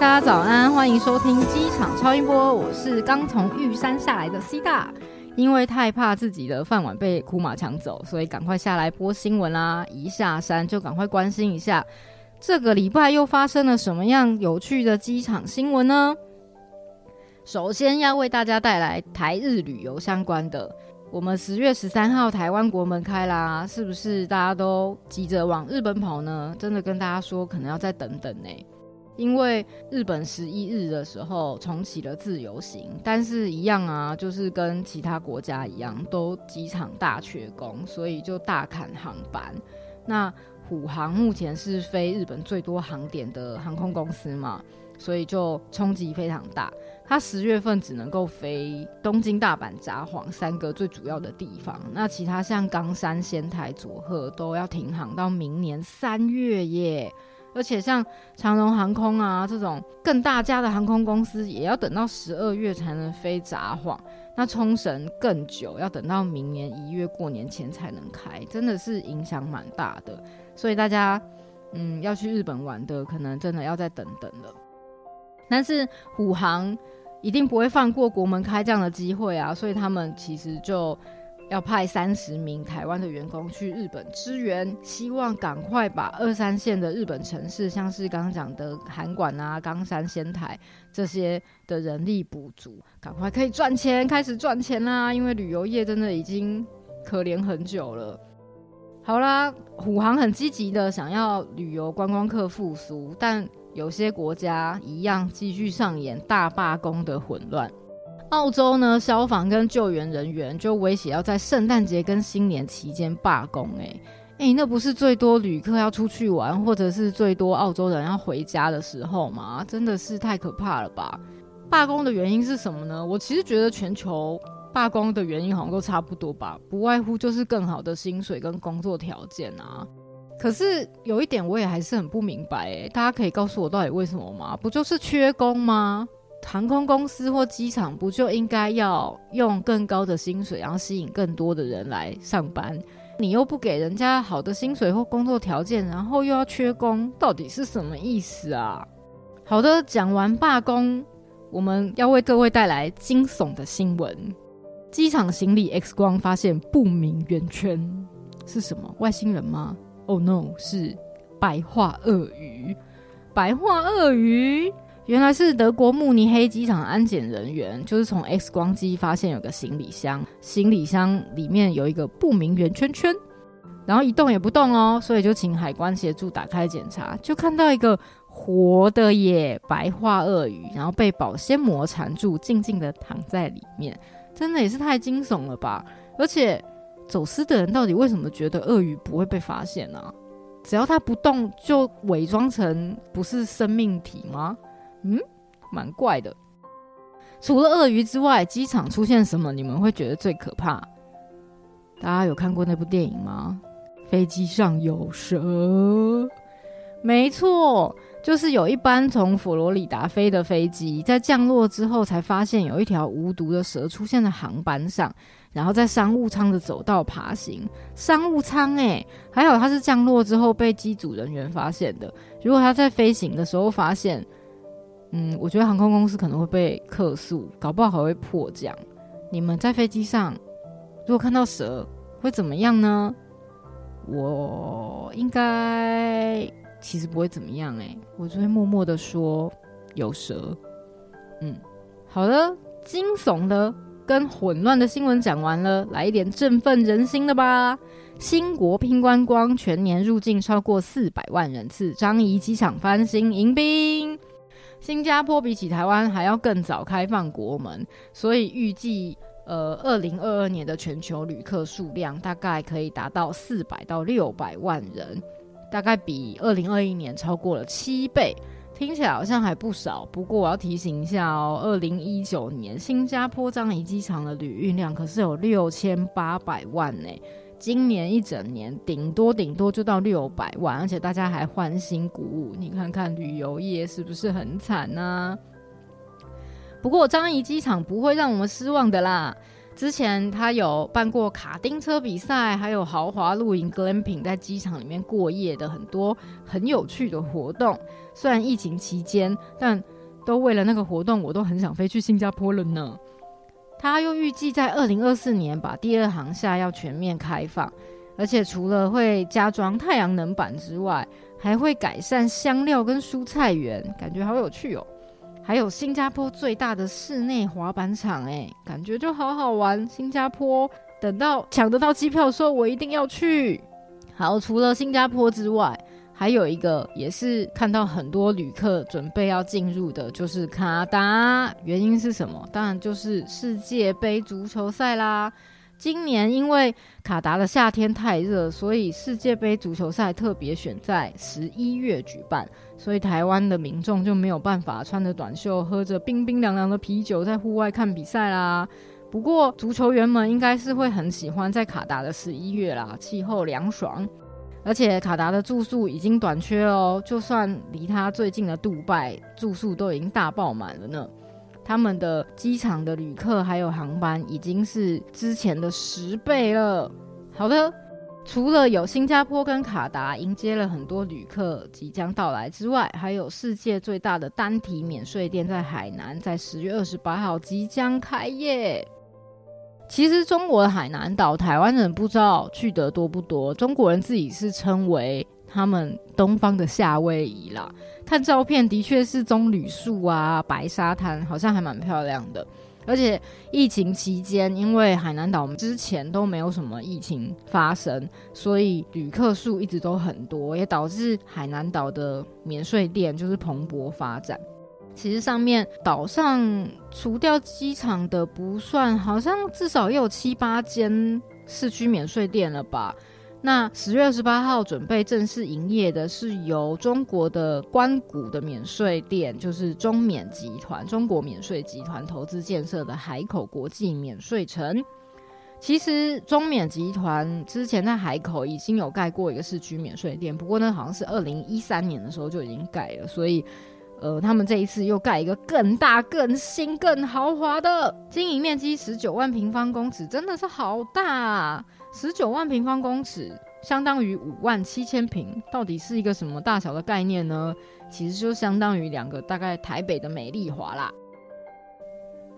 大家早安，歡迎收聽機場超音波，我是剛從玉山下來的 C 大，因為太怕自己的飯碗被庫馬搶走，所以趕快下來播新聞啦！一下山就趕快關心一下，這個禮拜又發生了什麼樣有趣的機場新聞呢？首先要為大家帶來台日旅遊相關的，我們十月十三號台灣國門開啦，是不是大家都急着往日本跑呢？真的跟大家說，可能要再等等呢、欸。因為日本十一日的時候重啟了自由行，但是一樣啊，就是跟其他國家一樣，都機場大缺工，所以就大砍航班。那虎航目前是飛日本最多航點的航空公司嘛，所以就衝擊非常大。它十月份只能夠飛東京、大阪、札幌三個最主要的地方，那其他像岡山、仙台、佐賀都要停航到明年三月耶。而且像長榮航空啊這種更大家的航空公司，也要等到十二月才能飛札幌，那沖繩更久，要等到明年一月過年前才能開，真的是影響蠻大的。所以大家，嗯，要去日本玩的，可能真的要再等等了。但是虎航一定不會放過國門開這樣的機會啊，所以他們其實就要派三十名台灣的員工去日本支援，希望趕快把二三線的日本城市，像是剛剛講的函館啊、岡山、仙台這些的人力補足，趕快可以賺錢，開始賺錢啦！因為旅遊業真的已經可憐很久了。好啦，虎航很積極的想要旅遊觀光客復甦，但有些國家一樣繼續上演大罷工的混亂。澳洲呢，消防跟救援人員就威脅要在聖誕節跟新年期間罷工欸，誒，誒，那不是最多旅客要出去玩，或者是最多澳洲人要回家的時候嗎？真的是太可怕了吧！罷工的原因是什麼呢？我其實覺得全球罷工的原因好像都差不多吧，不外乎就是更好的薪水跟工作條件啊。可是有一點，我也還是很不明白欸，誒，大家可以告訴我到底為什麼嗎？不就是缺工嗎？航空公司或機場不就應該要用更高的薪水，然後吸引更多的人來上班？你又不給人家好的薪水或工作條件，然後又要缺工，到底是什麼意思啊？好的，講完罷工，我們要為各位帶來驚悚的新聞：機場行李 X 光發現不明圓圈，是什麼？外星人嗎？Oh no，是白化鱷魚！白化鱷魚。原來是德國慕尼黑機場安檢人員，就是從 X 光機發現有個行李箱，行李箱裡面有一個不明圓圈圈，然後一動也不動哦，所以就請海關協助打開檢查，就看到一個活的耶白化鱷魚，然後被保鮮膜纏住，靜靜的躺在裡面，真的也是太驚悚了吧！而且走私的人到底為什麼覺得鱷魚不會被發現呢、啊？只要它不動，就偽裝成不是生命體嗎？嗯，蠻怪的。除了鱷魚之外，機場出現什麼你們會覺得最可怕？大家有看過那部電影嗎？飛機上有蛇？沒錯，就是有一班從佛羅里達飛的飛機，在降落之後才發現有一條無毒的蛇出現在航班上，然後在商務艙的走道爬行。商務艙誒、欸，還好它是降落之後被機組人員發現的，如果它在飛行的時候發現，嗯，我覺得航空公司可能會被客訴，搞不好還會迫降。你們在飛機上，如果看到蛇，會怎麼樣呢？我應該其實不會怎麼樣誒、欸，我就會默默地說有蛇。嗯，好了，驚悚的跟混亂的新聞講完了，來一點振奮人心的吧。星國拚觀光，全年入境超過四百萬人次，樟宜機場翻新迎賓。新加坡比起台灣還要更早開放國門，所以預計，呃，二零二二年的全球旅客數量大概可以達到四百到六百萬人，大概比二零二一年超過了七倍，聽起來好像還不少。不過我要提醒一下哦，二零一九年新加坡樟宜機場的旅運量可是有六千八百萬呢。今年一整年，頂多頂多就到六百萬，而且大家還歡欣鼓舞。你看看旅遊業是不是很慘呢、啊？不過樟宜機場不會讓我們失望的啦。之前他有辦過卡丁車比賽，還有豪華露營 glamping 在機場裡面過夜的很多很有趣的活動。雖然疫情期間，但都為了那個活動，我都很想飛去新加坡了呢。他又預計在二零二四年把第二行下要全面開放，而且除了會加裝太陽能板之外，還會改善香料跟蔬菜園，感覺好有趣哦、喔。還有新加坡最大的室內滑板場、欸，誒，感覺就好好玩。新加坡等到搶得到機票的時候，我一定要去。好，除了新加坡之外。還有一個也是看到很多旅客準備要進入的，就是卡達。原因是什麼？當然就是世界盃足球賽啦。今年因為卡達的夏天太熱，所以世界盃足球賽特別選在十一月舉辦，所以台灣的民眾就沒有辦法穿着短袖，喝着冰冰涼涼的啤酒在戶外看比賽啦。不過，足球員們應該是會很喜歡在卡達的十一月啦，氣候涼爽。而且卡達的住宿已經短缺了哦，就算離他最近的杜拜住宿都已經大爆滿了呢。他們的機場的旅客還有航班已經是之前的十倍了。好的，除了有新加坡跟卡達迎接了很多旅客即將到來之外，還有世界最大的單體免稅店在海南，在十月二十八號即將開業。其實，中國的海南島，台灣人不知道去得多不多。中國人自己是稱為他們東方的夏威夷啦。看照片，的確是棕櫚樹啊，白沙灘，好像還蠻漂亮的。而且，疫情期間，因為海南島之前都沒有什麼疫情發生，所以旅客數一直都很多，也導致海南島的免稅店就是蓬勃發展。其實上面島上除掉機場的不算，好像至少也有七八間市區免稅店了吧？那十月二十八號準備正式營業的是由中國的關谷的免稅店，就是中免集團、中國免稅集團投資建設的海口國際免稅城。其實中免集團之前在海口已經有蓋過一個市區免稅店，不過呢，好像是二零一三年的時候就已經蓋了，所以。呃，他們這一次又蓋一個更大、更新、更豪華的，經營面積十九萬平方公尺，真的是好大啊！十九萬平方公尺相當於五萬七千平，到底是一個什麼大小的概念呢？其實就相當於兩個大概台北的美麗華啦。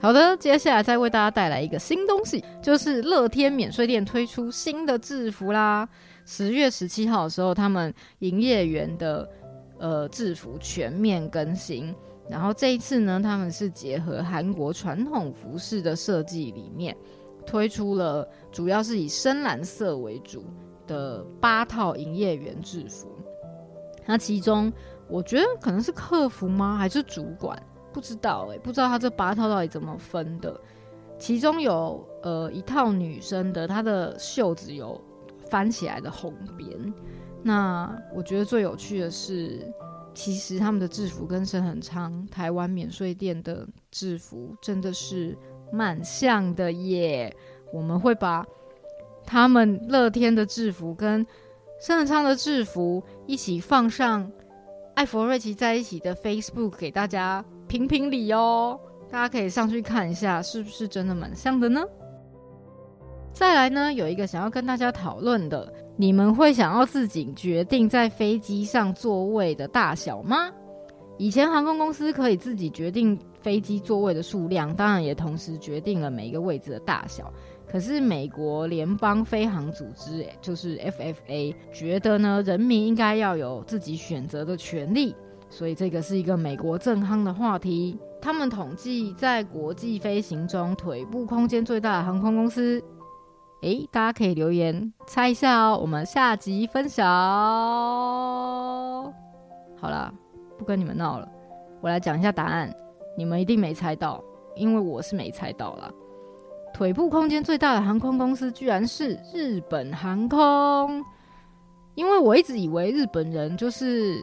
好的，接下來再為大家帶來一個新東西，就是樂天免稅店推出新的制服啦。十月十七號的時候，他們營業員的。呃，制服全面更新，然後這一次呢，他們是結合韓國傳統服飾的設計裡面，推出了主要是以深藍色為主的八套營業員制服。那其中，我覺得可能是客服嗎？還是主管？不知道誒、欸，不知道他這八套到底怎麼分的。其中有呃一套女生的，她的袖子有翻起來的紅邊。那我覺得最有趣的是，其實他們的制服跟昇恆昌台灣免稅店的制服真的是蠻像的耶。我們會把他們樂天的制服跟昇恆昌的制服一起放上艾弗瑞淇在一起的 Facebook 給大家評評理哦。大家可以上去看一下，是不是真的蠻像的呢？再來呢，有一個想要跟大家討論的。你們會想要自己決定在飛機上座位的大小嗎？以前航空公司可以自己決定飛機座位的數量，當然也同時決定了每一個位置的大小。可是美國聯邦飛行組織就是 FFA 覺得呢，人民應該要有自己選擇的權利，所以這個是一個美國正夯的話題。他們統計在國際飛行中腿部空間最大的航空公司。誒，大家可以留言猜一下哦，我們下集分享哦。好啦，不跟你們鬧了，我來講一下答案。你們一定沒猜到，因為我是沒猜到啦。腿部空間最大的航空公司居然是日本航空。因為我一直以為日本人就是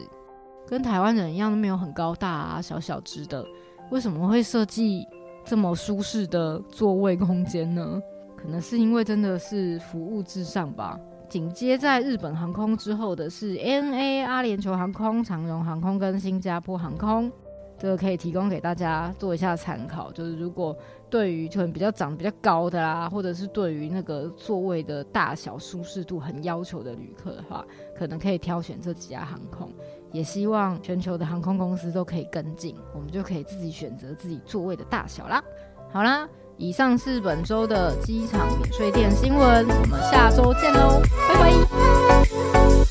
跟台灣人一樣都沒有很高大啊，小小只的，為什麼會設計這麼舒適的座位空間呢？可能是因為真的是服務至上吧。緊接在日本航空之後的是 ANA、阿聯酋航空、長榮航空跟新加坡航空，這個可以提供給大家做一下參考。就是如果對於腿比較長、比較高的啦，或者是對於那個座位的大小、舒適度很要求的旅客的話，可能可以挑選這幾家航空。也希望全球的航空公司都可以跟進，我們就可以自己選擇自己座位的大小啦。好啦。以上是本週的機場免稅店新聞，我們下周見嘍，拜拜。